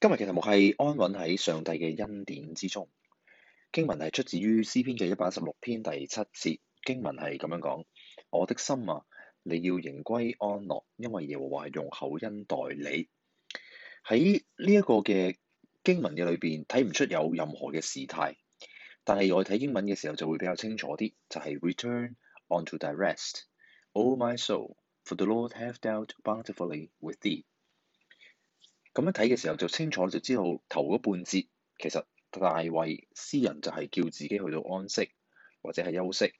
今日嘅題目係安穩喺上帝嘅恩典之中，經文係出自於詩篇嘅一百一十六篇第七節，經文係咁樣講：我的心啊，你要仍歸安樂，因為耶和華係用口音代理厚恩待你。喺呢一個嘅經文嘅裏邊睇唔出有任何嘅時態，但係我哋睇英文嘅時候就會比較清楚啲，就係、是、Return unto thy rest, O my soul, for the Lord have dealt bountifully with thee. 咁樣睇嘅時候就清楚，就知道頭嗰半節其實大衛詩人就係叫自己去到安息或者係休息，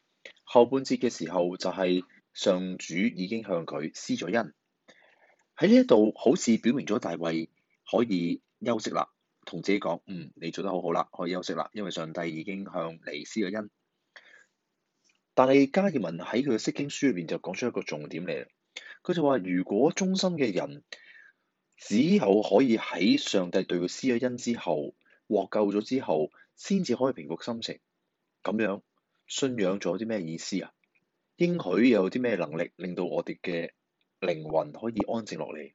後半節嘅時候就係上主已經向佢施咗恩。喺呢一度好似表明咗大衛可以休息啦，同自己講：嗯，你做得好好啦，可以休息啦，因為上帝已經向你施咗恩。但係加爾文喺佢嘅《釋經書》裏面就講出一個重點嚟，佢就話：如果忠心嘅人，只有可以喺上帝對佢施咗恩之後獲救咗之後，先至可以平復心情。咁樣信仰仲有啲咩意思啊？應許有啲咩能力令到我哋嘅靈魂可以安靜落嚟？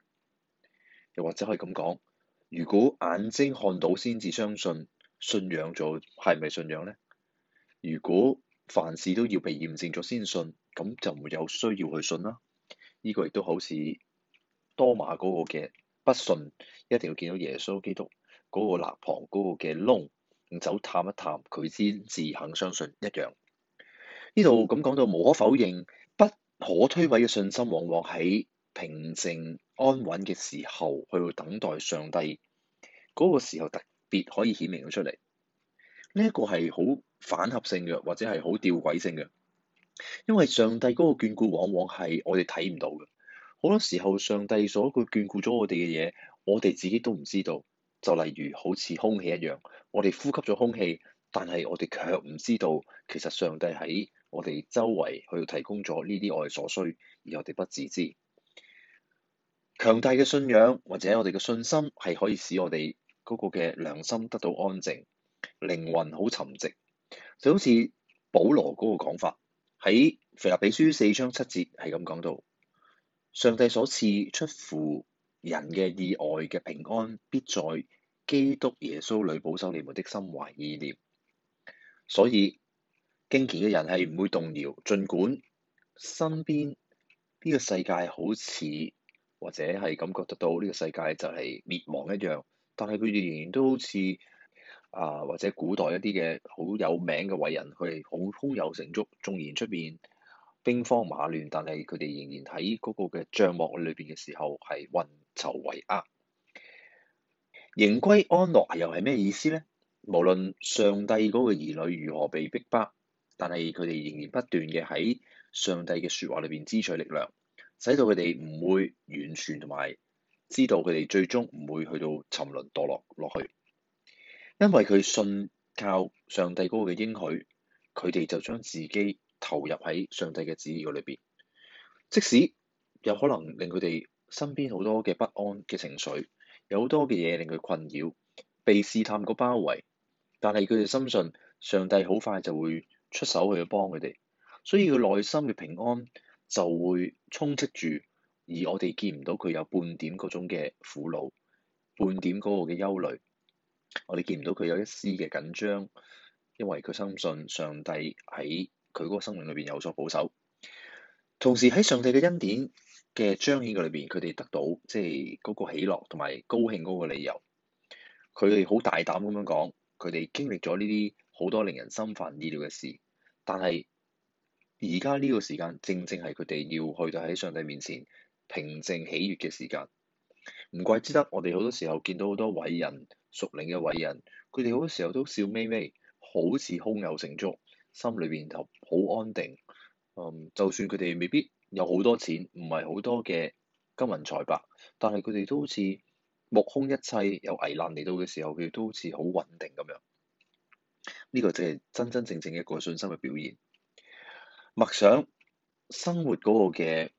又或者可以咁講：如果眼睛看到先至相信，信仰咗係咪信仰咧？如果凡事都要被驗證咗先信，咁就唔會有需要去信啦。呢、這個亦都好似多馬嗰、那個嘅。不信，一定要見到耶穌基督嗰個肋旁嗰個嘅窿，走探一探，佢先至肯相信一樣。呢度咁講到無可否認，不可推諉嘅信心，往往喺平靜安穩嘅時候去等待上帝嗰、那個時候特別可以顯明咗出嚟。呢、這、一個係好反合性嘅，或者係好吊詭性嘅，因為上帝嗰個眷顧往往係我哋睇唔到嘅。好多時候，上帝所佢眷顧咗我哋嘅嘢，我哋自己都唔知道。就例如好似空氣一樣，我哋呼吸咗空氣，但係我哋卻唔知道，其實上帝喺我哋周圍去提供咗呢啲我哋所需，而我哋不自知。強大嘅信仰或者我哋嘅信心係可以使我哋嗰個嘅良心得到安靜，靈魂好沉寂。就好似保羅嗰個講法，喺腓立比書四章七節係咁講到。上帝所賜出乎人嘅意外嘅平安，必在基督耶穌裏保守你們的心懷意念。所以敬虔嘅人係唔會動搖，儘管身邊呢個世界好似或者係感覺得到呢個世界就係滅亡一樣，但係佢哋仍然都好似啊或者古代一啲嘅好有名嘅偉人，佢哋好胸有成竹，縱然出邊。兵荒馬亂，但係佢哋仍然喺嗰個嘅帳幕裏邊嘅時候係運籌帷幄。仍歸安樂又係咩意思呢？無論上帝嗰個兒女如何被逼迫，但係佢哋仍然不斷嘅喺上帝嘅説話裏邊支取力量，使到佢哋唔會完全同埋知道佢哋最終唔會去到沉淪墮落落去，因為佢信靠上帝嗰個嘅應許，佢哋就將自己。投入喺上帝嘅旨意嗰裏邊，即使有可能令佢哋身邊好多嘅不安嘅情緒，有好多嘅嘢令佢困擾，被試探個包圍，但係佢哋深信上帝好快就會出手去幫佢哋，所以佢內心嘅平安就會充斥住，而我哋見唔到佢有半點嗰種嘅苦惱，半點嗰個嘅憂慮，我哋見唔到佢有一絲嘅緊張，因為佢深信上帝喺。佢個生命裏邊有所保守，同時喺上帝嘅恩典嘅彰顯嘅裏邊，佢哋得到即係嗰個喜樂同埋高興嗰個理由。佢哋好大膽咁樣講，佢哋經歷咗呢啲好多令人心煩意亂嘅事，但係而家呢個時間正正係佢哋要去到喺上帝面前平靜喜悅嘅時間。唔怪之得，我哋好多時候見到好多偉人、屬靈嘅偉人，佢哋好多時候都笑眯眯，好似胸有成竹。心裏邊就好安定，嗯，就算佢哋未必有好多錢，唔係好多嘅金銀財帛，但係佢哋都好似目空一切，有危難嚟到嘅時候，佢哋都好似好穩定咁樣，呢、這個就係真真正正嘅一個信心嘅表現。默想生活嗰個嘅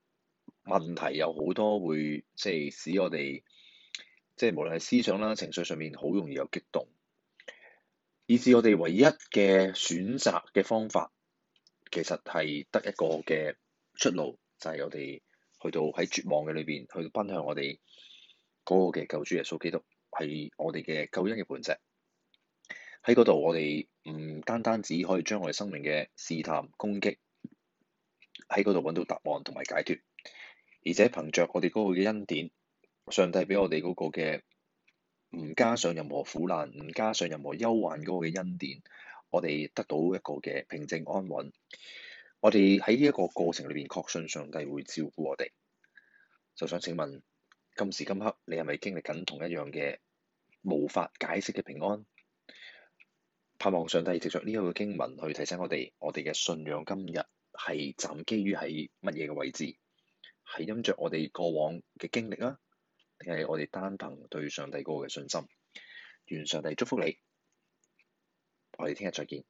問題有好多會即係使我哋，即、就、係、是、無論係思想啦、情緒上面好容易有激動，以至我哋唯一嘅選擇嘅方法，其實係得一個嘅出路，就係、是、我哋去到喺絕望嘅裏邊，去到奔向我哋嗰個嘅救主耶穌基督，係我哋嘅救恩嘅本質。喺嗰度，我哋唔單單只可以將我哋生命嘅試探、攻擊，喺嗰度揾到答案同埋解脫，而且憑着我哋嗰個嘅恩典，上帝畀我哋嗰個嘅。唔加上任何苦難，唔加上任何憂患嗰個嘅恩典，我哋得到一個嘅平靜安穩。我哋喺呢一個過程裏邊，確信上帝會照顧我哋。就想請問，今時今刻你係咪經歷緊同一樣嘅無法解釋嘅平安？盼望上帝藉著呢一個經文去提醒我哋，我哋嘅信仰今日係站基於喺乜嘢嘅位置？係因着我哋過往嘅經歷啦、啊。定係我哋單憑對上帝嗰個嘅信心？願上帝祝福你，我哋聽日再見。